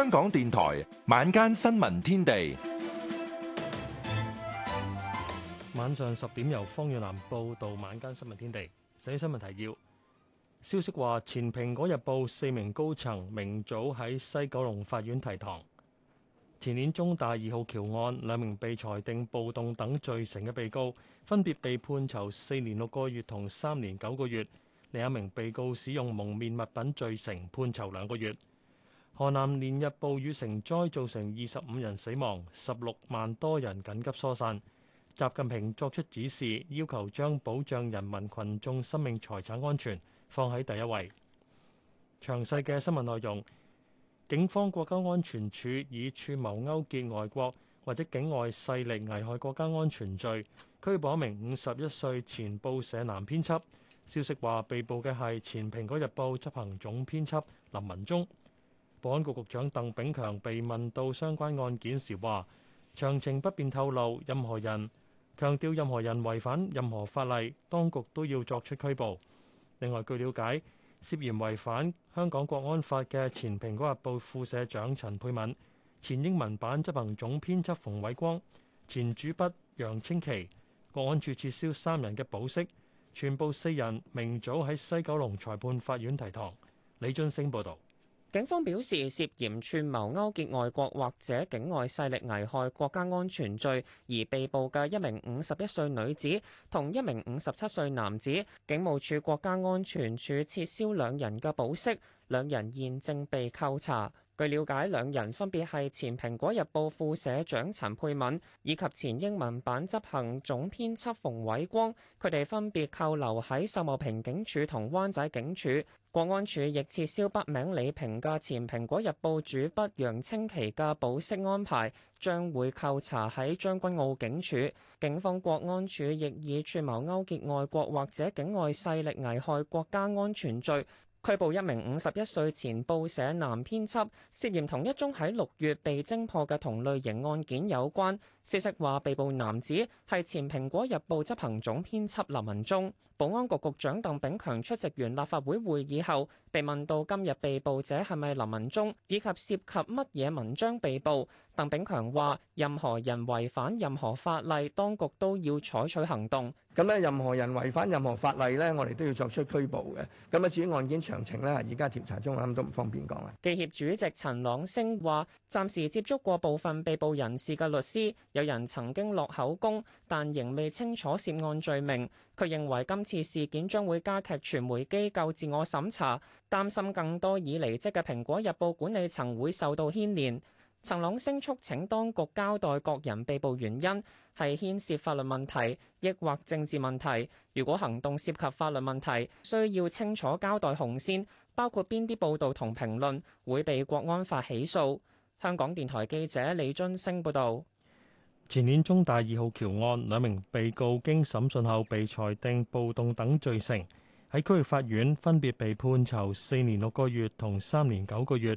香港電台晚間新聞天地，晚上十點由方遠南報道晚間新聞天地。首先新聞提要，消息話前蘋果日報四名高層明早喺西九龍法院提堂。前年中大二號橋案，兩名被裁定暴動等罪成嘅被告，分別被判囚四年六個月同三年九個月，另一名被告使用蒙面物品罪成，判囚兩個月。河南連日暴雨成災，造成二十五人死亡，十六萬多人緊急疏散。習近平作出指示，要求將保障人民群眾生命財產安全放喺第一位。詳細嘅新聞內容，警方國家安全處以串謀勾結外國或者境外勢力危害國家安全罪拘捕一名五十一歲前報社男編輯。消息話，被捕嘅係前蘋果日報執行總編輯林文忠。保安局局長鄧炳強被問到相關案件時，話詳情不便透露，任何人強調任何人違反任何法例，當局都要作出拘捕。另外，據了解，涉嫌違反香港國安法嘅前蘋果日報副社長陳佩敏、前英文版執行總編輯馮偉光、前主筆楊清奇，國安處撤銷三人嘅保釋，全部四人明早喺西九龍裁判法院提堂。李津升報道。警方表示，涉嫌串謀勾結外國或者境外勢力危害國家安全罪而被捕嘅一名五十一歲女子同一名五十七歲男子，警務處國家安全處撤銷兩人嘅保釋，兩人現正被扣查。據了解，兩人分別係前《蘋果日報》副社長陳佩敏以及前英文版執行總編輯馮偉光，佢哋分別扣留喺秀茂坪警署同灣仔警署。國安署亦撤銷筆名李平嘅前《蘋果日報》主筆楊清奇嘅保釋安排，將會扣查喺將軍澳警署。警方國安署亦以串謀勾結外國或者境外勢力危害國家安全罪，拘捕一名五十一歲前報社男編輯，涉嫌同一宗喺六月被偵破嘅同類型案件有關。消息話，被捕男子係前蘋果日報執行總編輯林文忠。保安局局長鄧炳強出席完立法會會議後，被問到今日被捕者係咪林文忠，以及涉及乜嘢文章被捕。梁鄧炳強話：任何人違反任何法例，當局都要採取行動。咁咧，任何人違反任何法例咧，我哋都要作出拘捕嘅。咁啊，至於案件詳情咧，而家調查中，我諗都唔方便講啦。記協主席陳朗升話：暫時接觸過部分被捕人士嘅律師，有人曾經落口供，但仍未清楚涉案罪名。佢認為今次事件將會加劇傳媒機構自我審查，擔心更多已離職嘅《蘋果日報》管理層會受到牽連。陳朗升促請當局交代各人被捕原因，係牽涉法律問題，抑或政治問題。如果行動涉及法律問題，需要清楚交代紅線，包括邊啲報道同評論會被國安法起訴。香港電台記者李津升報道。前年中大二號橋案，兩名被告經審訊後被裁定暴動等罪成，喺區域法院分別被判囚四年六個月同三年九個月。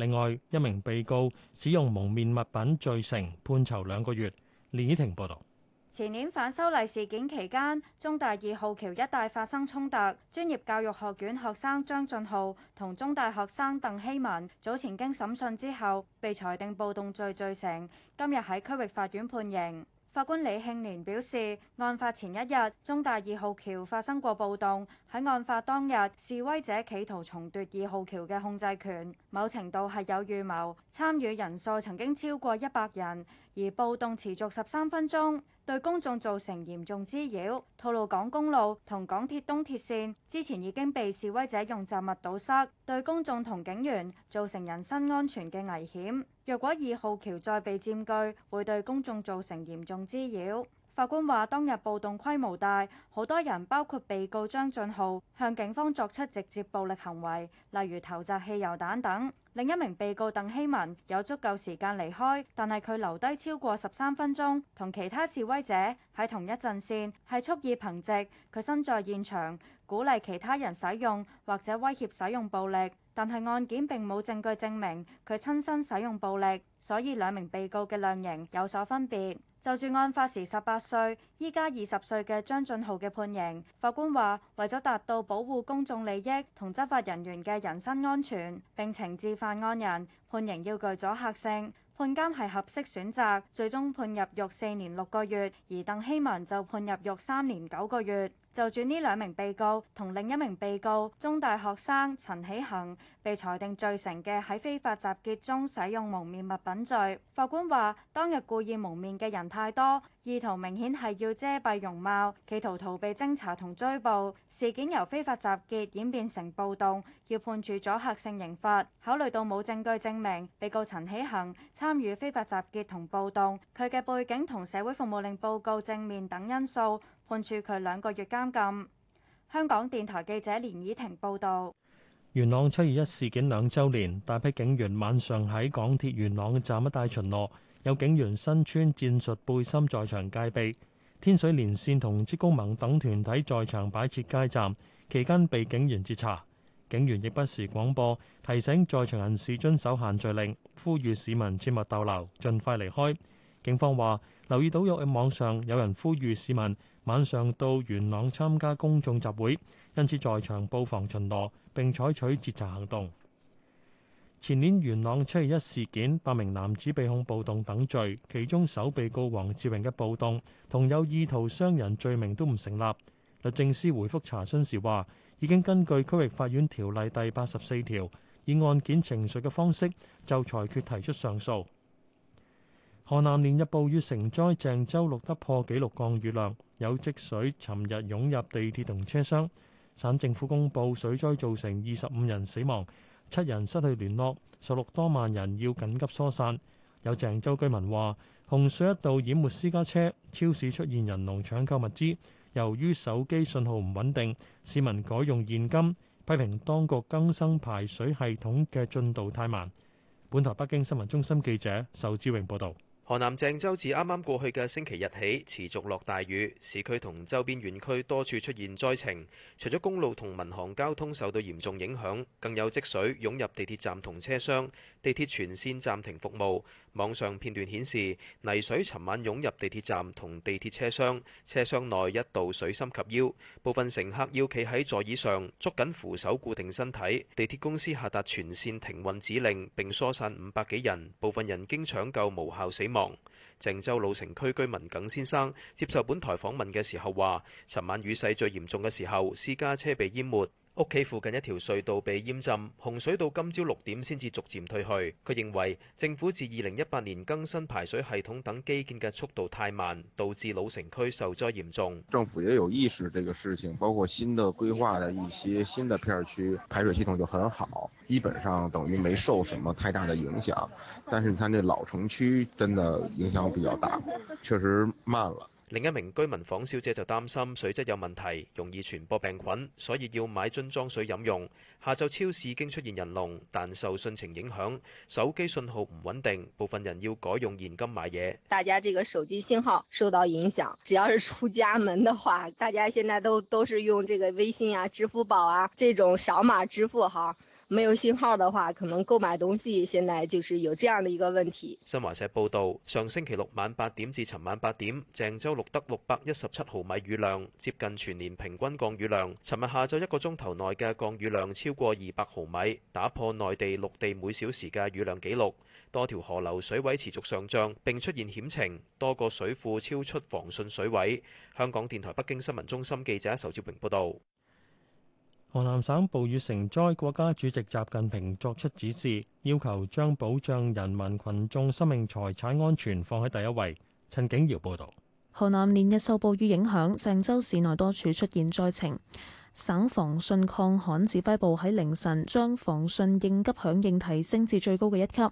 另外一名被告使用蒙面物品罪成，判囚兩個月。連綺婷報道。前年反修例事件期間，中大二號橋一帶發生衝突，專業教育學院學生張俊浩同中大學生鄧希文早前經審訊之後，被裁定暴動罪罪成，今日喺區域法院判刑。法官李慶年表示，案發前一日，中大二號橋發生過暴動。喺案發當日，示威者企圖重奪二號橋嘅控制權，某程度係有預謀。參與人數曾經超過一百人，而暴動持續十三分鐘，對公眾造成嚴重滋擾。吐露港公路同港鐵東鐵線之前已經被示威者用雜物堵塞，對公眾同警員造成人身安全嘅危險。若果二號橋再被佔據，會對公眾造成嚴重滋擾。法官話：當日暴動規模大，好多人包括被告張俊浩向警方作出直接暴力行為，例如投擲汽油彈等。另一名被告鄧希文有足夠時間離開，但係佢留低超過十三分鐘，同其他示威者喺同一陣線，係蓄意憑藉佢身在現場鼓勵其他人使用或者威脅使用暴力。但係案件並冇證據證明佢親身使用暴力，所以兩名被告嘅量刑有所分別。就住案發時十八歲，依家二十歲嘅張俊豪嘅判刑，法官話為咗達到保護公眾利益同執法人員嘅人身安全並懲治犯案人，判刑要具阻嚇性，判監係合適選擇，最終判入獄四年六個月，而鄧希文就判入獄三年九個月。就住呢兩名被告同另一名被告中大學生陳喜恒被裁定罪成嘅喺非法集結中使用蒙面物品罪。法官話：當日故意蒙面嘅人太多，意圖明顯係要遮蔽容貌，企圖逃避偵查同追捕。事件由非法集結演變成暴動，要判處阻嚇性刑罰。考慮到冇證據證明被告陳喜恒參與非法集結同暴動，佢嘅背景同社會服務令報告正面等因素，判處佢兩個月監禁。香港電台記者連以婷報導。元朗七二一事件兩週年，大批警員晚上喺港鐵元朗站一帶巡邏，有警員身穿戰術背心在場戒備。天水連線同職工盟等團體在場擺設街站，期間被警員截查。警員亦不時廣播提醒在場人士遵守限聚令，呼籲市民切勿逗留，盡快離開。警方話留意到有喺網上有人呼籲市民晚上到元朗參加公眾集會，因此在場布防巡邏並採取截查行動。前年元朗七月一事件，八名男子被控暴動等罪，其中首被告黃志榮嘅暴動同有意圖傷人罪名都唔成立。律政司回覆查詢時話，已經根據區域法院條例第八十四條，以案件程序嘅方式就裁決提出上訴。河南連日暴雨成災，鄭州錄得破紀錄降雨量。有積水，尋日湧入地鐵同車廂。省政府公布水災造成二十五人死亡，七人失去聯絡，十六多萬人要緊急疏散。有鄭州居民話：洪水一度淹沒私家車，超市出現人龍搶購物資。由於手機信號唔穩定，市民改用現金。批評當局更新排水系統嘅進度太慢。本台北京新聞中心記者仇志榮報道。河南鄭州自啱啱過去嘅星期日起，持續落大雨，市區同周邊縣區多處出現災情。除咗公路同民航交通受到嚴重影響，更有積水涌入地鐵站同車廂，地鐵全線暫停服務。網上片段顯示，泥水尋晚湧入地鐵站同地鐵車廂，車廂內一度水深及腰，部分乘客要企喺座椅上，捉緊扶手固定身體。地鐵公司下達全線停運指令，並疏散五百幾人，部分人經搶救無效死亡。鄭州老城區居民耿先生接受本台訪問嘅時候話，尋晚雨勢最嚴重嘅時候，私家車被淹沒。屋企附近一條隧道被淹浸，洪水到今朝六點先至逐漸退去。佢認為政府自二零一八年更新排水系統等基建嘅速度太慢，導致老城區受災嚴重。政府也有意識這個事情，包括新的規劃的一些新的片區排水系統就很好，基本上等於沒受什麼太大的影響。但是你看，呢老城區真的影響比較大，確實慢了。另一名居民房小姐就擔心水質有問題，容易傳播病菌，所以要買樽裝水飲用。下晝超市已經出現人龍，但受汛情影響，手機信號唔穩定，部分人要改用現金買嘢。大家這個手機信號受到影響，只要是出家門的話，大家現在都都是用這個微信啊、支付寶啊，這種掃碼支付哈。沒有信號的話，可能購買東西現在就是有這樣的一個問題。新華社報道，上星期六晚八點至尋晚八點，鄭州錄得六百一十七毫米雨量，接近全年平均降雨量。尋日下晝一個鐘頭內嘅降雨量超過二百毫米，打破內地陸地，陸地每小時嘅雨量紀錄。多條河流水位持續上漲，並出現險情，多個水庫超出防汛水位。香港電台北京新聞中心記者仇志榮報道。河南省暴雨成災，國家主席習近平作出指示，要求將保障人民群眾生命財產安全放喺第一位。陳景堯報道，河南連日受暴雨影響，鄭州市內多處出現災情。省防汛抗旱指揮部喺凌晨將防汛應急響應提升至最高嘅一級，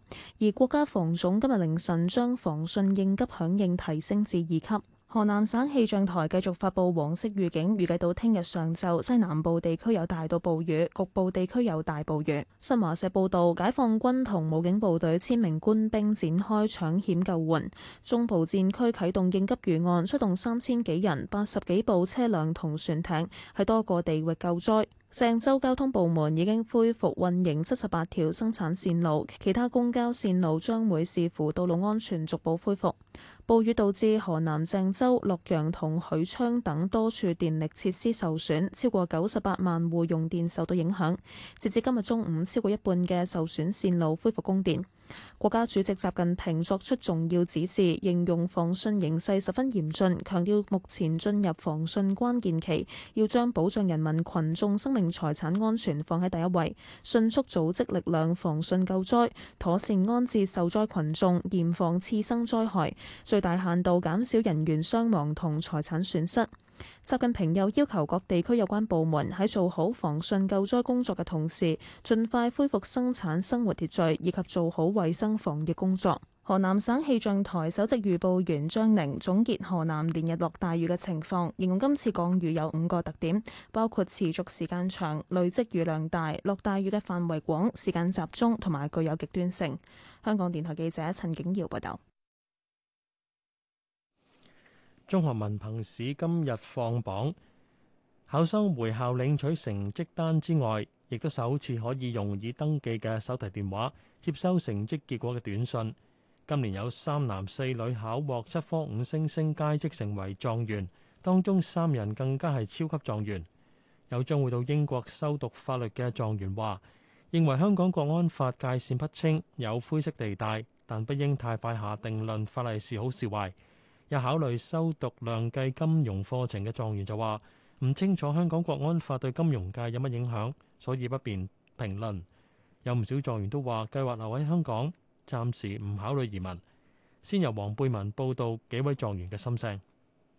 而國家防總今日凌晨將防汛應急響應提升至二級。河南省氣象台繼續發布黃色預警，預計到聽日上晝西南部地區有大到暴雨，局部地區有大暴雨。新華社報道，解放軍同武警部隊千名官兵展開搶險救援，中部戰區啟動應急預案，出動三千幾人、八十幾部車輛同船艇，喺多個地域救災。鄭州交通部門已經恢復運營七十八條生產線路，其他公交線路將會視乎道路安全逐步恢復。暴雨導致河南鄭州、洛陽同許昌等多處電力設施受損，超過九十八萬戶用電受到影響。截至今日中午，超過一半嘅受損線路恢復供電。國家主席習近平作出重要指示，應用形容防汛形勢十分嚴峻，強調目前進入防汛關鍵期，要將保障人民群眾生命財產安全放喺第一位，迅速組織力量防汛救災，妥善安置受災群眾，嚴防次生災害，最大限度減少人員傷亡同財產損失。習近平又要求各地區有關部門喺做好防汛救災工作嘅同時，盡快恢復生產生活秩序，以及做好衛生防疫工作。河南省氣象台首席預報員張寧總結河南連日落大雨嘅情況，形容今次降雨有五個特點，包括持續時間長、累積雨量大、落大雨嘅範圍廣、時間集中，同埋具有極端性。香港電台記者陳景堯報道。中學文憑試今日放榜，考生回校領取成績單之外，亦都首次可以用已登記嘅手提電話接收成績結果嘅短信。今年有三男四女考獲七科五星星佳績，成為狀元。當中三人更加係超級狀元。有將會到英國修讀法律嘅狀元話，認為香港國安法界線不清，有灰色地帶，但不應太快下定論法例是好是壞。有考慮修讀量計金融課程嘅狀元就話：唔清楚香港國安法對金融界有乜影響，所以不便評論。有唔少狀元都話計劃留喺香港，暫時唔考慮移民。先由黃貝文報道幾位狀元嘅心聲。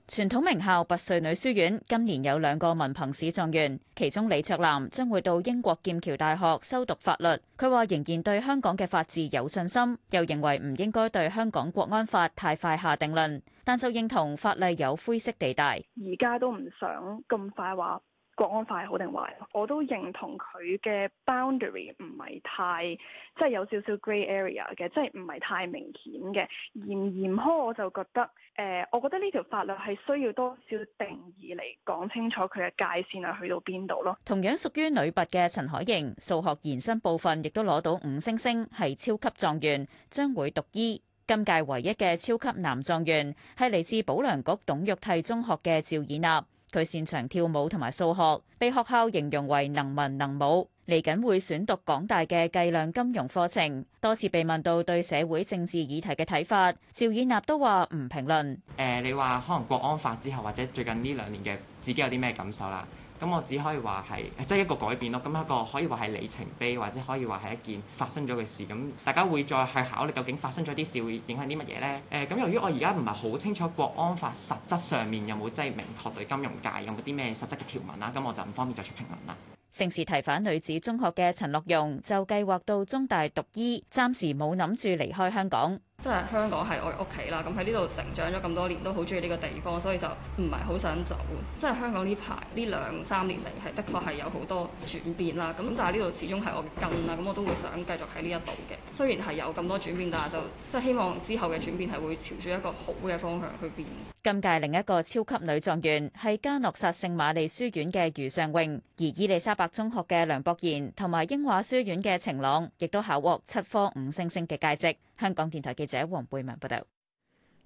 傳統名校拔萃女書院今年有兩個文憑試狀元，其中李卓南將會到英國劍橋大學修讀法律。佢話仍然對香港嘅法治有信心，又認為唔應該對香港國安法太快下定論，但就認同法例有灰色地帶。而家都唔想咁快話國安法係好定壞，我都認同佢嘅 boundary 唔係太即係有少少 gray area 嘅，即係唔係太明顯嘅。嚴嚴苛，我就覺得，誒、呃，我覺得呢條法律係需要多少定義嚟講清楚佢嘅界線係去到邊度咯。同樣屬於女拔嘅陳海瑩，數學延伸部分亦都攞到五星星，係超級狀元，將會讀醫。今屆唯一嘅超級男狀元係嚟自保良局董玉娣中學嘅趙以納。佢擅長跳舞同埋數學，被學校形容為能文能武，嚟緊會選讀港大嘅計量金融課程。多次被問到對社會政治議題嘅睇法，趙以納都話唔評論。誒、呃，你話可能國安法之後，或者最近呢兩年嘅自己有啲咩感受啦？咁我只可以話係，即係一個改變咯。咁一個可以話係里程碑，或者可以話係一件發生咗嘅事。咁大家會再去考慮究竟發生咗啲事會影響啲乜嘢咧？誒，咁由於我而家唔係好清楚國安法實質上面有冇即係明確對金融界有冇啲咩實質嘅條文啦，咁我就唔方便作出評論啦。聖士提反女子中學嘅陳樂容就計劃到中大讀醫，暫時冇諗住離開香港。即係香港係我嘅屋企啦。咁喺呢度成長咗咁多年，都好中意呢個地方，所以就唔係好想走。即係香港呢排呢兩三年嚟，係的確係有好多轉變啦。咁但係呢度始終係我嘅根啦，咁我都會想繼續喺呢一度嘅。雖然係有咁多轉變，但係就即係希望之後嘅轉變係會朝住一個好嘅方向去變。今屆另一個超級女狀元係嘉諾撒聖瑪利書院嘅余尚穎，而伊利沙伯中學嘅梁博賢同埋英華書院嘅晴朗，亦都考獲七科五星星嘅佳績。香港電台記者黃貝文報道：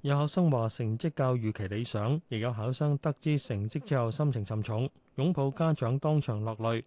有考生話成績較預期理想，亦有考生得知成績之後心情沉重，擁抱家長當場落淚。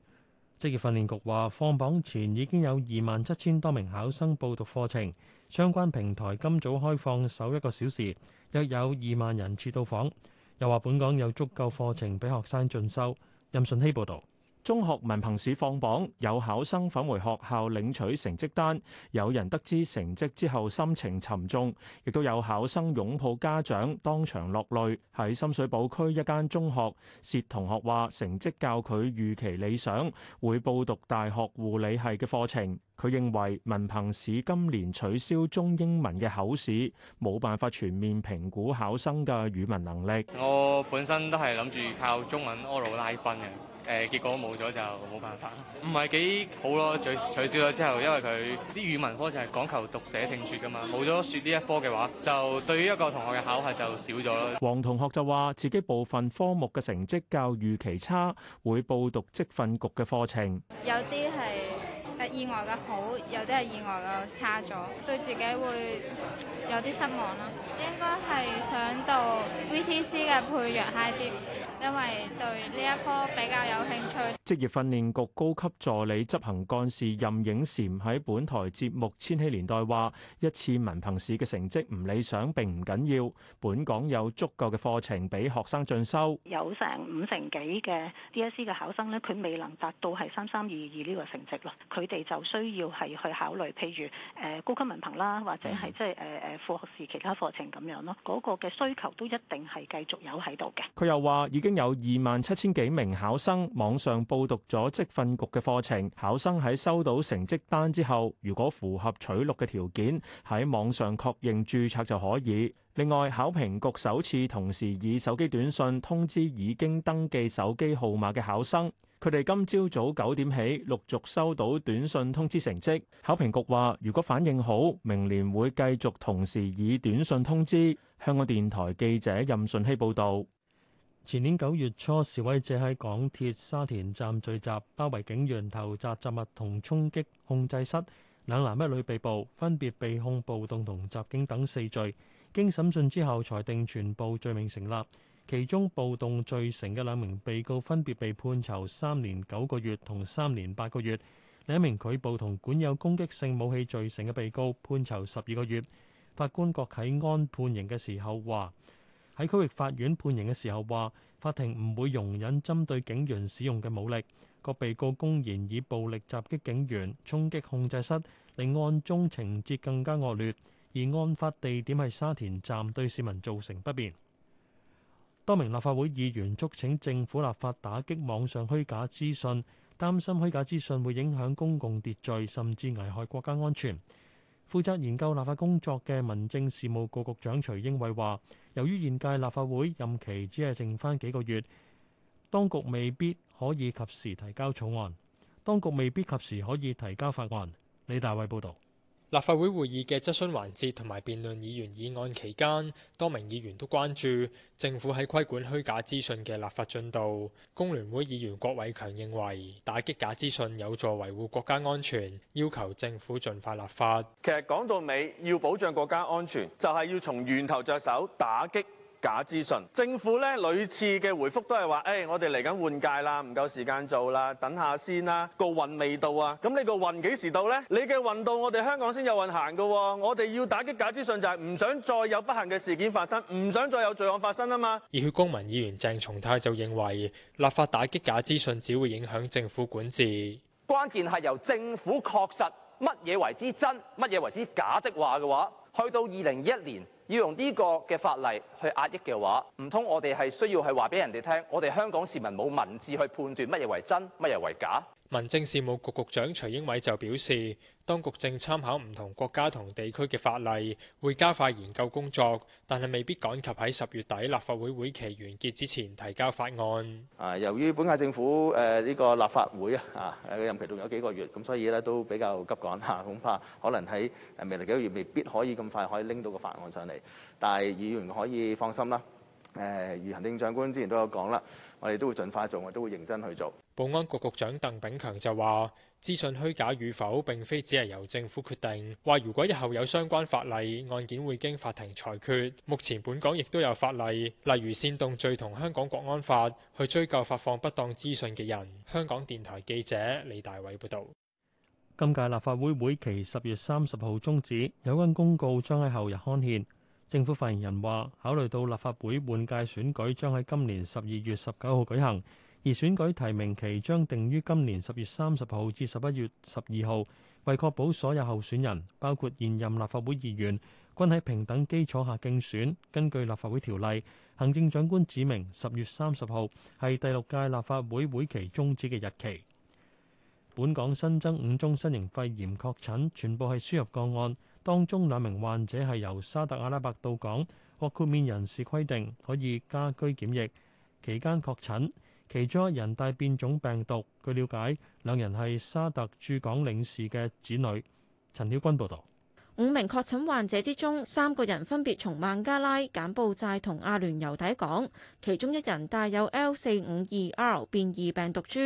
職業訓練局話，放榜前已經有二萬七千多名考生報讀課程，相關平台今早開放首一個小時，約有二萬人次到訪。又話本港有足夠課程俾學生進修。任信希報道。中學文憑試放榜，有考生返回學校領取成績單，有人得知成績之後心情沉重，亦都有考生擁抱家長，當場落淚。喺深水埗區一間中學，薛同學話成績較佢預期理想，會報讀大學護理系嘅課程。佢認為文憑試今年取消中英文嘅口試，冇辦法全面評估考生嘅語文能力。我本身都係諗住靠中文 oral 拉分嘅，誒、呃、結果冇咗就冇辦法。唔係幾好咯，取取消咗之後，因為佢啲語文科就係講求讀寫聽説噶嘛，冇咗説呢一科嘅話，就對於一個同學嘅考核就少咗啦。黃同學就話自己部分科目嘅成績較預期差，會報讀職訓局嘅課程。有啲係。意外嘅好，有啲係意外嘅差咗，對自己會有啲失望啦。應該係想到 VTC 嘅配弱 high 啲。因為對呢一科比較有興趣。職業訓練局高級助理執行幹事任影嬋喺本台節目《千禧年代》話：一次文憑試嘅成績唔理想並唔緊要，本港有足夠嘅課程俾學生進修。有成五成幾嘅 DSE 嘅考生咧，佢未能達到係三三二二呢個成績咯，佢哋就需要係去考慮，譬如誒高級文憑啦，或者係即係誒誒副學士其他課程咁樣咯，嗰個嘅需求都一定係繼續有喺度嘅。佢又話：已已經有二萬七千幾名考生網上報讀咗職訓局嘅課程，考生喺收到成績單之後，如果符合取錄嘅條件，喺網上確認注冊就可以。另外，考評局首次同時以手機短信通知已經登記手機號碼嘅考生，佢哋今朝早九點起陸續收到短信通知成績。考評局話，如果反應好，明年會繼續同時以短信通知。香港電台記者任順希報道。前年九月初，示威者喺港鐵沙田站聚集，包圍警員，投擲雜物同衝擊控制室，兩男一女被捕，分別被控暴動同襲警等四罪。經審訊之後，裁定全部罪名成立。其中暴動罪成嘅兩名被告分別被判囚三年九個月同三年八個月，另一名拒捕同管有攻擊性武器罪成嘅被告判囚十二個月。法官郭啟安判刑嘅時候話。喺區域法院判刑嘅時候話，法庭唔會容忍針對警員使用嘅武力。各被告公然以暴力襲擊警員，衝擊控制室，令案中情節更加惡劣。而案發地點係沙田站，對市民造成不便。多名立法會議員促請政府立法打擊網上虛假資訊，擔心虛假資訊會影響公共秩序，甚至危害國家安全。負責研究立法工作嘅民政事務局局長徐英偉話，由於現屆立法會任期只係剩返幾個月，當局未必可以及時提交草案，當局未必及時可以提交法案。李大偉報導。立法會會議嘅質詢環節同埋辯論議員議案期間，多名議員都關注政府喺規管虛假資訊嘅立法進度。工聯會議員郭偉強認為，打擊假資訊有助維護國家安全，要求政府盡快立法。其實講到尾，要保障國家安全，就係要從源頭着手打擊。假資訊，政府呢屢次嘅回覆都係話，誒、欸，我哋嚟緊換屆啦，唔夠時間做啦，等下先啦。個運未到啊，咁你個運幾時到呢？你嘅運到，我哋香港先有運行㗎喎。我哋要打擊假資訊，就係唔想再有不幸嘅事件發生，唔想再有罪案發生啊嘛。熱血公民議員鄭松泰就認為，立法打擊假資訊只會影響政府管治。關鍵係由政府確實乜嘢為之真，乜嘢為之假的話嘅話，去到二零二一年。要用呢個法例去壓抑嘅話，唔通我哋係需要係話畀人哋聽，我哋香港市民冇文字去判斷乜嘢為真，乜嘢為假？民政事務局局長徐英偉就表示，當局正參考唔同國家同地區嘅法例，會加快研究工作，但係未必趕及喺十月底立法會會期完結之前提交法案。啊，由於本屆政府誒呢個立法會啊啊，任期仲有幾個月，咁所以咧都比較急趕吓，恐怕可能喺誒未來幾個月未必可以咁快可以拎到個法案上嚟。但係議員可以放心啦，誒、啊，如行政長官之前都有講啦，我哋都會盡快做，我都會認真去做。保安局局長鄧炳強就話：資訊虛假與否，並非只係由政府決定。話如果日後有相關法例，案件會經法庭裁決。目前本港亦都有法例，例如煽動罪同香港國安法，去追究發放不當資訊嘅人。香港電台記者李大偉報道。今屆立法會會期十月三十號終止，有關公告將喺後日刊憲。政府發言人話：考慮到立法會換屆選舉將喺今年十二月十九號舉行。而選舉提名期將定於今年十月三十號至十一月十二號，為確保所有候選人，包括現任立法會議員，均喺平等基礎下競選。根據《立法會條例》，行政長官指明十月三十號係第六屆立法會會期終止嘅日期。本港新增五宗新型肺炎確診，全部係輸入個案，當中兩名患者係由沙特阿拉伯到港，獲豁免人士規定可以家居檢疫期間確診。其中一人帶變種病毒，據了解，兩人係沙特駐港領事嘅子女。陳曉君報導，五名確診患者之中，三個人分別從孟加拉、柬埔寨同阿聯酋抵港，其中一人帶有 L 四五二 R 變異病毒株。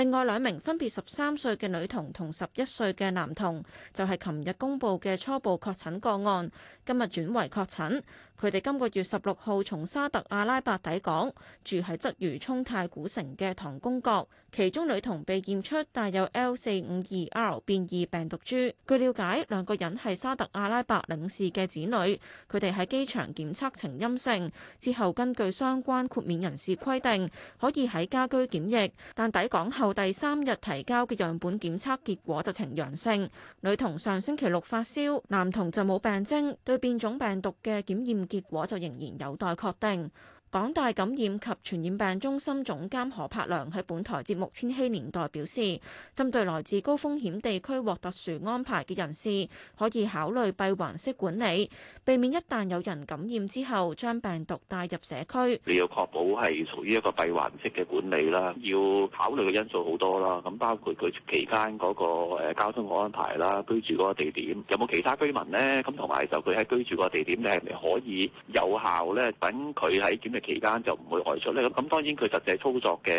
另外兩名分別十三歲嘅女童同十一歲嘅男童，就係琴日公布嘅初步確診個案，今日轉為確診。佢哋今個月十六號從沙特阿拉伯抵港，住喺鰂魚湧太古城嘅唐宮閣。其中女童被驗出帶有 L 四五二 R 變異病毒株。據了解，兩個人係沙特阿拉伯領事嘅子女，佢哋喺機場檢測呈陰性，之後根據相關豁免人士規定，可以喺家居檢疫，但抵港後，到第三日提交嘅樣本檢測結果就呈陽性，女童上星期六發燒，男童就冇病徵，對變種病毒嘅檢驗結果就仍然有待確定。港大感染及傳染病中心總監何柏良喺本台節目《千禧年代》表示，針對來自高風險地區獲特殊安排嘅人士，可以考慮閉環式管理，避免一旦有人感染之後將病毒帶入社區。你要確保係屬於一個閉環式嘅管理啦，要考慮嘅因素好多啦。咁包括佢期間嗰個誒交通安排啦，居住嗰個地點有冇其他居民咧？咁同埋就佢喺居住個地點，你係咪可以有效咧等佢喺檢期間就唔會外出咧，咁當然佢實際操作嘅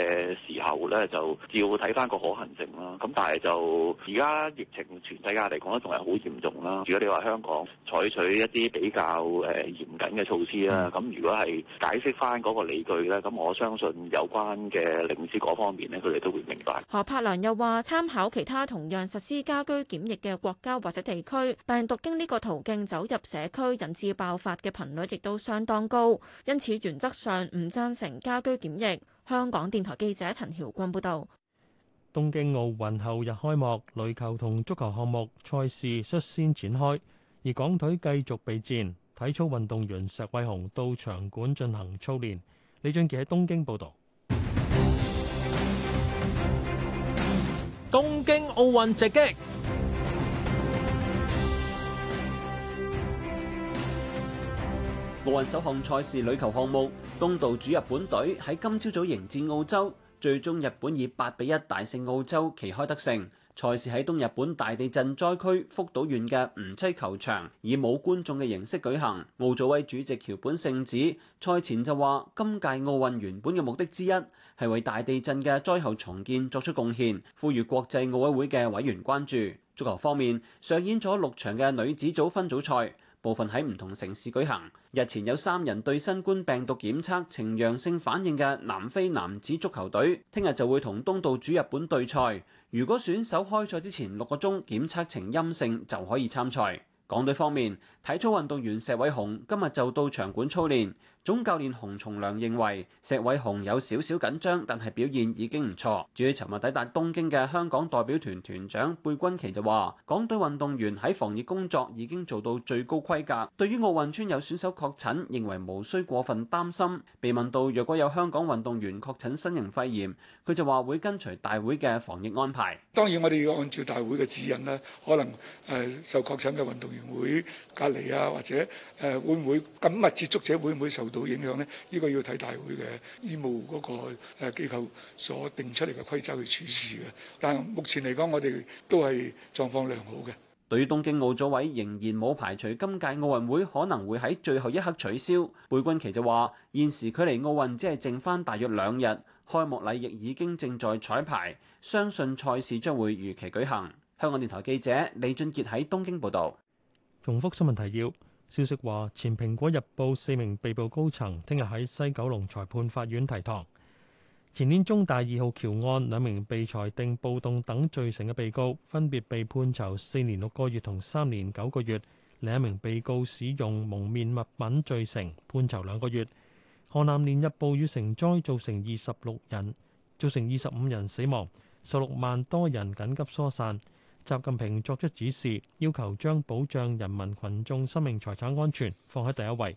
時候咧，就照睇翻個可行性啦。咁但係就而家疫情全世界嚟講咧，仲係好嚴重啦。如果你話香港採取一啲比較誒嚴謹嘅措施啦，咁如果係解釋翻嗰個理據咧，咁我相信有關嘅領事嗰方面呢，佢哋都會明白。何柏良又話：參考其他同樣實施家居檢疫嘅國家或者地區，病毒經呢個途徑走入社區，引致爆發嘅頻率亦都相當高，因此原則上唔贊成家居檢疫。香港電台記者陳曉君報道。東京奧運後日開幕，壘球同足球項目賽事率先展開，而港隊繼續備戰。體操運動員石偉雄到場館進行操練。李俊傑喺東京報導。東京奧運直擊。奧運首項賽事壘球項目，東道主日本隊喺今朝早迎戰澳洲，最終日本以八比一大勝澳洲，旗開得勝。賽事喺東日本大地震災區福島縣嘅吳妻球場以冇觀眾嘅形式舉行。奧組委主席橋本聖子賽前就話，今屆奧運原本嘅目的之一係為大地震嘅災後重建作出貢獻，呼籲國際奧委會嘅委員關注。足球方面上演咗六場嘅女子組分組賽。部分喺唔同城市舉行。日前有三人對新冠病毒檢測呈陽性反應嘅南非男子足球隊，聽日就會同東道主日本對賽。如果選手開賽之前六個鐘檢測呈陰性，就可以參賽。港隊方面。體操運動員石偉雄今日就到場館操練，總教練洪松良認為石偉雄有少少緊張，但係表現已經唔錯。至於尋日抵達東京嘅香港代表團團長貝鈞奇就話，港隊運動員喺防疫工作已經做到最高規格。對於奧運村有選手確診，認為無需過分擔心。被問到若果有香港運動員確診新型肺炎，佢就話會跟隨大會嘅防疫安排。當然我哋要按照大會嘅指引啦，可能誒、呃、受確診嘅運動員會嚟啊，或者誒會唔會緊密接觸者會唔會受到影響呢？呢個要睇大會嘅醫務嗰個誒機構所定出嚟嘅規則去處事嘅。但係目前嚟講，我哋都係狀況良好嘅。對於東京奧組委，仍然冇排除今屆奧運會可能會喺最後一刻取消。貝君琪就話：現時距離奧運只係剩翻大約兩日，開幕禮亦已經正在彩排，相信賽事將會如期舉行。香港電台記者李俊傑喺東京報導。重複新聞提要：消息話，前蘋果日報四名被捕高層聽日喺西九龍裁判法院提堂。前年中大二號橋案，兩名被裁定暴動等罪成嘅被告，分別被判囚四年六個月同三年九個月。另一名被告使用蒙面物品罪成，判囚兩個月。河南連日暴雨成災，造成二十六人造成二十五人死亡，十六萬多人緊急疏散。習近平作出指示，要求將保障人民群眾生命財產安全放喺第一位。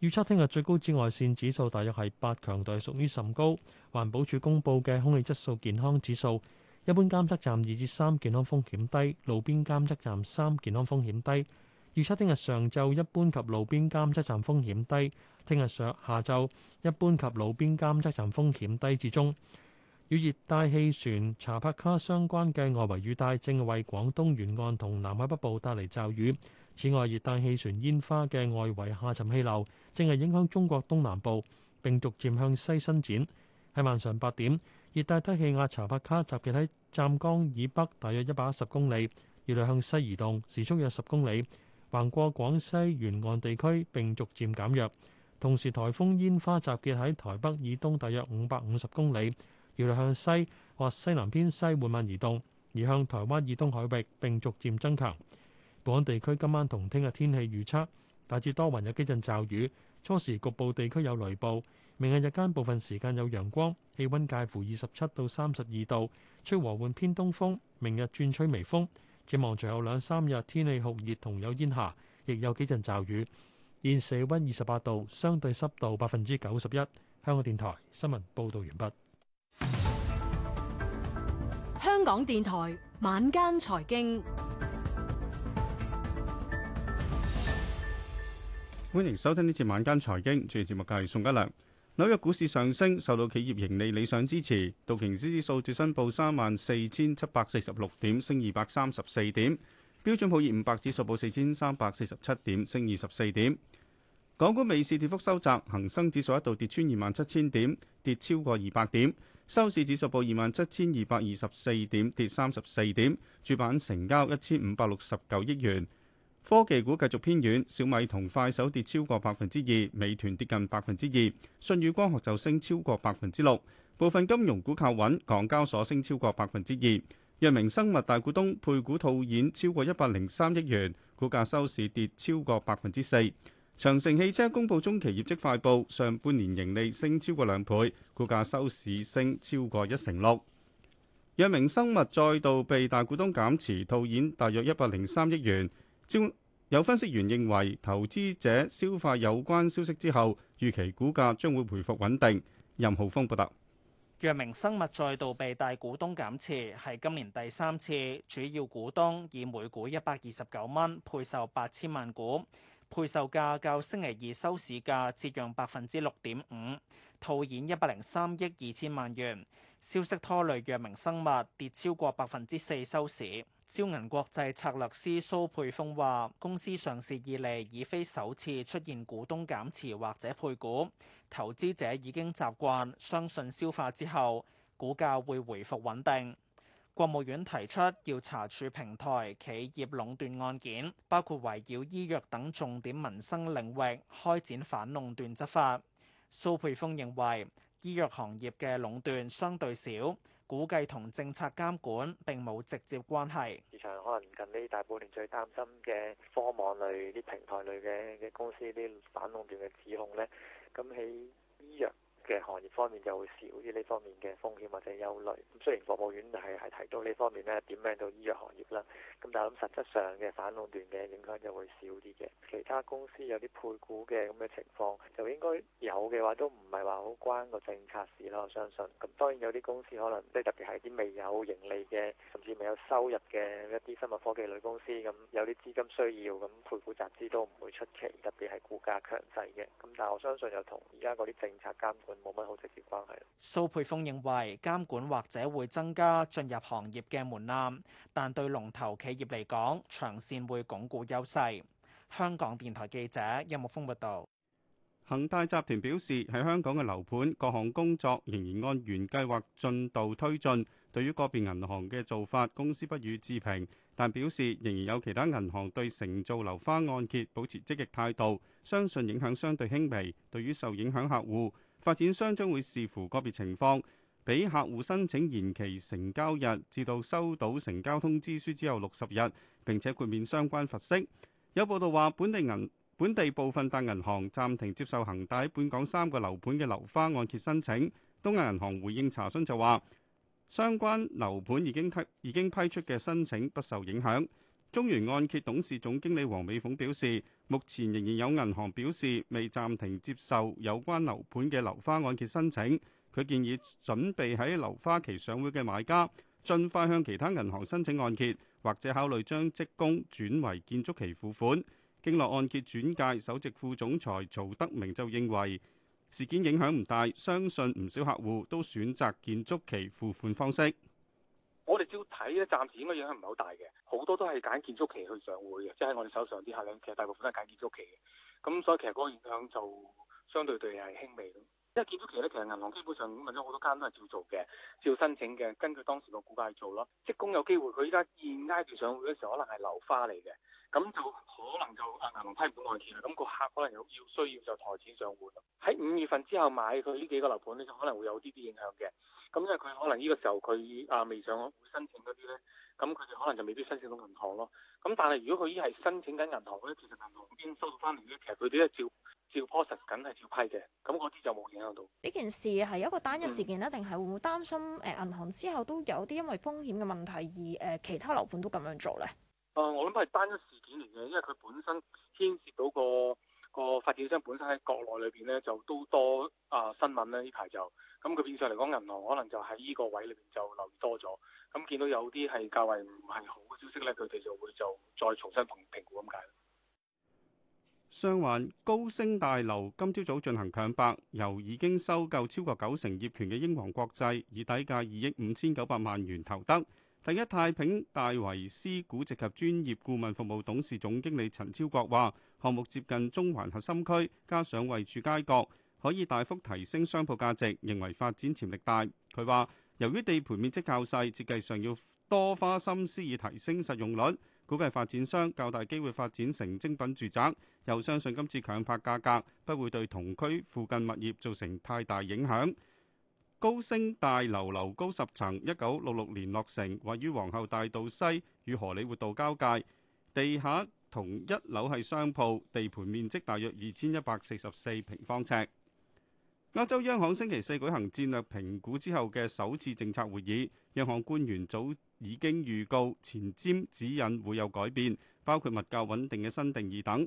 預測聽日最高紫外線指數大約係八，強度屬於甚高。環保署公布嘅空氣質素健康指數，一般監測站二至三，健康風險低；路邊監測站三，健康風險低。預測聽日上晝一般及路邊監測站風險低，聽日上下晝一般及路邊監測站風險低至中。與熱帶氣旋查帕卡相關嘅外圍雨帶正為廣東沿岸同南海北部帶嚟驟雨。此外，熱帶氣旋煙花嘅外圍下沉氣流正係影響中國東南部並逐漸向西伸展。喺晚上八點，熱帶低氣壓查帕卡集結喺湛江以北大約一百一十公里，預料向西移動，時速約十公里，橫過廣西沿岸地區並逐漸減弱。同時，颱風煙花集結喺台北以東大約五百五十公里。要向西或西南偏西緩慢移動，而向台灣以東海域，並逐漸增強。本港地區今晚同聽日天氣預測大致多雲，有幾陣驟雨，初時局部地區有雷暴。明日日間部分時間有陽光，氣溫介乎二十七到三十二度，吹和緩偏東風。明日轉吹微風，展望隨後兩三日天氣酷熱同有煙霞，亦有幾陣驟雨。現時氣溫二十八度，相對濕度百分之九十一。香港電台新聞報道完畢。港電台晚間財經，歡迎收聽呢次晚間財經，主持節目嘅係宋嘉良。紐約股市上升，受到企業盈利理想支持。道瓊斯指數最新報三萬四千七百四十六點，升二百三十四點。標準普爾五百指數報四千三百四十七點，升二十四點。港股尾市跌幅收窄，恒生指數一度跌穿二萬七千點，跌超過二百點。收市指數報二萬七千二百二十四點，跌三十四點。主板成交一千五百六十九億元。科技股繼續偏軟，小米同快手跌超過百分之二，美團跌近百分之二。舜宇光學就升超過百分之六。部分金融股靠穩，港交所升超過百分之二。藥明生物大股東配股套現超過一百零三億元，股價收市跌超過百分之四。長城汽車公布中期業績快報，上半年盈利升超過兩倍，股價收市升超過一成六。藥明生物再度被大股東減持，套現大約一百零三億元。有分析員認為，投資者消化有關消息之後，預期股價將會回復穩定。任浩峰報道：藥明生物再度被大股東減持，係今年第三次，主要股東以每股一百二十九蚊配售八千萬股。配售價較星期二收市價折讓百分之六點五，套現一百零三億二千萬元。消息拖累藥明生物跌超過百分之四收市。招銀國際策略師蘇佩峰話，公司上市以嚟已非首次出現股東減持或者配股，投資者已經習慣，相信消化之後股價會回復穩定。國務院提出要查處平台企業壟斷案件，包括圍繞醫藥等重點民生領域開展反壟斷執法。蘇培峰認為，醫藥行業嘅壟斷相對少，估計同政策監管並冇直接關係。市場可能近呢大半年最擔心嘅科網類、啲平台類嘅嘅公司啲反壟斷嘅指控呢，咁喺醫藥。嘅行業方面就會少啲呢方面嘅風險或者憂慮。咁雖然國務院係係提到呢方面咧，點名到醫藥行業啦。咁但係我諗實質上嘅反壟斷嘅影響就會少啲嘅。其他公司有啲配股嘅咁嘅情況，就應該有嘅話都唔係話好關個政策事咯。我相信。咁當然有啲公司可能即係特別係啲未有盈利嘅，甚至未有收入嘅一啲生物科技類公司咁，有啲資金需要咁配股集資都唔會出奇。特別係股價強勢嘅。咁但係我相信又同而家嗰啲政策監管，冇乜好直接關係。蘇佩峰認為監管或者會增加進入行業嘅門檻，但對龍頭企業嚟講，長線會鞏固優勢。香港電台記者音樂峯報道。恒大集團表示，喺香港嘅樓盤各項工作仍然按原計劃進度推進。對於個別銀行嘅做法，公司不予置評，但表示仍然有其他銀行對承造樓花按揭保持積極態度，相信影響相對輕微。對於受影響客戶，發展商將會視乎個別情況，俾客戶申請延期成交日至到收到成交通知書之後六十日，並且豁免相關罰息。有報道話，本地銀本地部分大銀行暫停接受恒大喺本港三個樓盤嘅樓花按揭申請。東亞銀行回應查詢就話，相關樓盤已經批已經批出嘅申請不受影響。中原按揭董事總經理黃美鳳表示，目前仍然有銀行表示未暫停接受有關樓盤嘅樓花按揭申請，佢建議準備喺樓花期上會嘅買家，盡快向其他銀行申請按揭，或者考慮將職工轉為建築期付款。經絡按揭轉介首席副總裁曹德明就認為事件影響唔大，相信唔少客戶都選擇建築期付款方式。誒，暫時應該影響唔係好大嘅，好多都係揀建築期去上會嘅，即係我哋手上啲客咧，其實大部分都係揀建築期嘅，咁所以其實個影響就相對對係輕微咯。即係見到其實咧，其實銀行基本上問咗好多間都係照做嘅，照申請嘅，根據當時個估價做咯。職工有機會佢依家現挨住上會嘅時候，可能係樓花嚟嘅，咁就可能就啊銀行批唔到外填啦。咁、那個客可能有要需要就台錢上會。喺五月份之後買佢呢幾個樓盤咧，就可能會有啲啲影響嘅。咁因為佢可能呢個時候佢啊未上會申請嗰啲咧，咁佢哋可能就未必申請到銀行咯。咁但係如果佢依係申請緊銀行咧，其實銀行已經收到翻嚟咧，其實佢哋都係照。要 p r o s s 梗係要批嘅，咁嗰啲就冇影響到。呢件事係一個單一事件咧，定係會唔會擔心誒銀行之後都有啲因為風險嘅問題而誒其他樓盤都咁樣做咧？誒、呃，我諗係單一事件嚟嘅，因為佢本身牽涉到個個發展商本身喺國內裏邊咧就都多啊、呃、新聞咧，呢排就咁佢、嗯、變相嚟講，銀行可能就喺呢個位裏邊就留意多咗，咁、嗯、見到有啲係較為唔係好嘅消息咧，佢哋就會就再重新評評估咁解。上環高升大樓今朝早進行強拍，由已經收購超過九成業權嘅英皇國際以底價二億五千九百萬元投得。第一太平戴維斯估值及專業顧問服務董事總經理陳超國話：項目接近中環核心區，加上位處街角，可以大幅提升商鋪價值，認為發展潛力大。佢話由於地盤面積較細，設計上要多花心思以提升實用率。估計發展商較大機會發展成精品住宅，又相信今次強拍價格不會對同區附近物業造成太大影響。高升大樓樓高十層，一九六六年落成，位於皇后大道西與荷里活道交界，地下同一樓係商鋪，地盤面積大約二千一百四十四平方尺。歐洲央行星期四舉行戰略評估之後嘅首次政策會議，央行官員早已經預告前瞻指引會有改變，包括物價穩定嘅新定義等。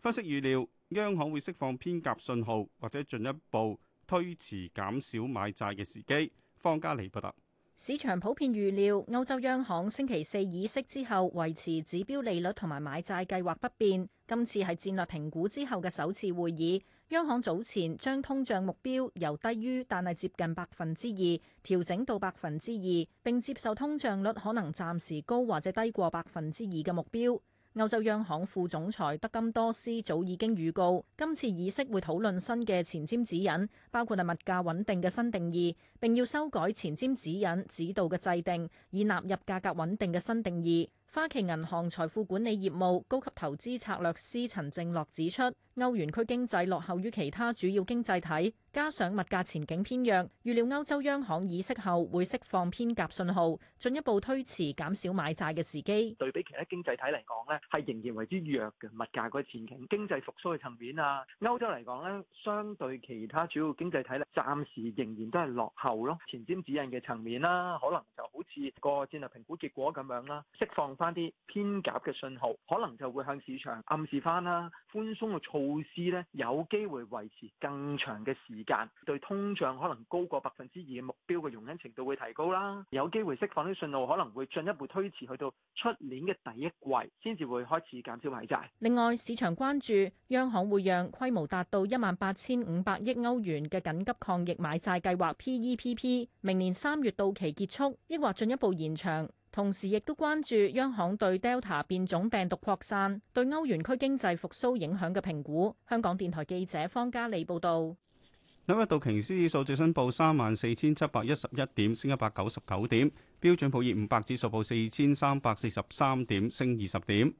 分析預料，央行會釋放偏鴿信號，或者進一步推遲減少買債嘅時機。方家利報道。市場普遍預料歐洲央行星期四議息之後，維持指標利率同埋買債計劃不變。今次係戰略評估之後嘅首次會議，央行早前將通脹目標由低於但係接近百分之二調整到百分之二，並接受通脹率可能暫時高或者低過百分之二嘅目標。歐洲央行副總裁德金多斯早已經預告，今次議息會討論新嘅前瞻指引，包括係物價穩定嘅新定義，並要修改前瞻指引指導嘅制定，以納入價格穩定嘅新定義。花旗銀行財富管理業務高級投資策略師陳正樂指出，歐元區經濟落後於其他主要經濟體，加上物價前景偏弱，預料歐洲央行議息後會釋放偏鴿信號，進一步推遲減少買債嘅時機。對比其他經濟體嚟講呢，係仍然為之弱嘅物價嗰個前景、經濟復甦嘅層面啊。歐洲嚟講呢，相對其他主要經濟體呢暫時仍然都係落後咯。前瞻指引嘅層面啦，可能就好似個戰略評估結果咁樣啦，釋放。翻啲偏鴿嘅信號，可能就會向市場暗示翻啦。寬鬆嘅措施呢，有機會維持更長嘅時間，對通脹可能高過百分之二嘅目標嘅容忍程度會提高啦。有機會釋放啲信號，可能會進一步推遲去到出年嘅第一季先至會開始減少買債。另外，市場關注央行會讓規模達到一萬八千五百億歐元嘅緊急抗疫買債計劃 （PEPP），明年三月到期結束，抑或進一步延長。 同時亦都關注央行對 Delta 變種病毒擴散對歐元區經濟復甦影響嘅評估。香港電台記者方嘉莉報道，紐約道瓊斯指數最新報三萬四千七百一十一點，升一百九十九點。標準普爾五百指數報四千三百四十三點，升二十點。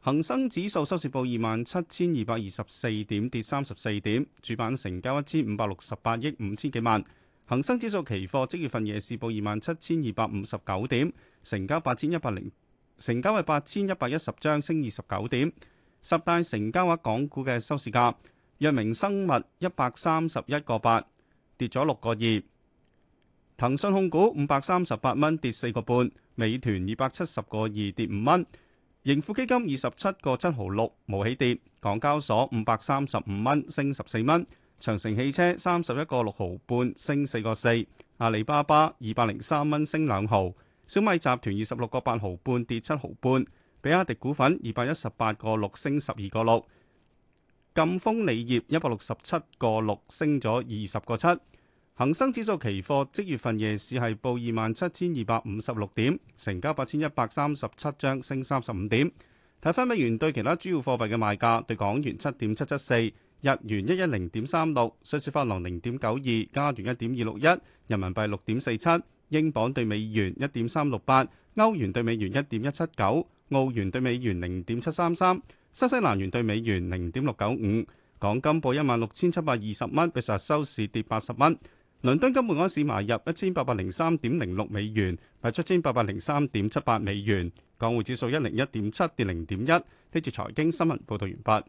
恒生指數收市報二萬七千二百二十四點，跌三十四點。主板成交一千五百六十八億五千幾萬。恒生指數期貨即月份夜市報二萬七千二百五十九點，成交八千一百零，成交係八千一百一十張，升二十九點。十大成交額港股嘅收市價，藥明生物一百三十一個八，跌咗六個二。騰訊控股五百三十八蚊，跌四個半。美團二百七十個二，跌五蚊。盈富基金二十七個七毫六，冇起跌。港交所五百三十五蚊，升十四蚊。長城汽車三十一個六毫半升四個四，阿里巴巴二百零三蚊升兩毫，小米集團二十六個八毫半跌七毫半，比亞迪股份二百一十八個六升十二個六，贛鋒鋰業一百六十七個六升咗二十個七，恒生指數期貨即月份夜市係報二萬七千二百五十六點，成交八千一百三十七張，升三十五點。睇返美元兌其他主要貨幣嘅賣價，兌港元七點七七四。日元一一零點三六，瑞士法郎零點九二，加元一點二六一，人民幣六點四七，英鎊對美元一點三六八，歐元對美元一點一七九，澳元對美元零點七三三，新西蘭元對美元零點六九五。港金報一萬六千七百二十蚊，比上日收市跌八十蚊。倫敦金每盎司買入一千八百零三點零六美元，賣出千八百零三點七八美元。港匯指數一零一點七，跌零點一。呢次財經新聞報道完畢。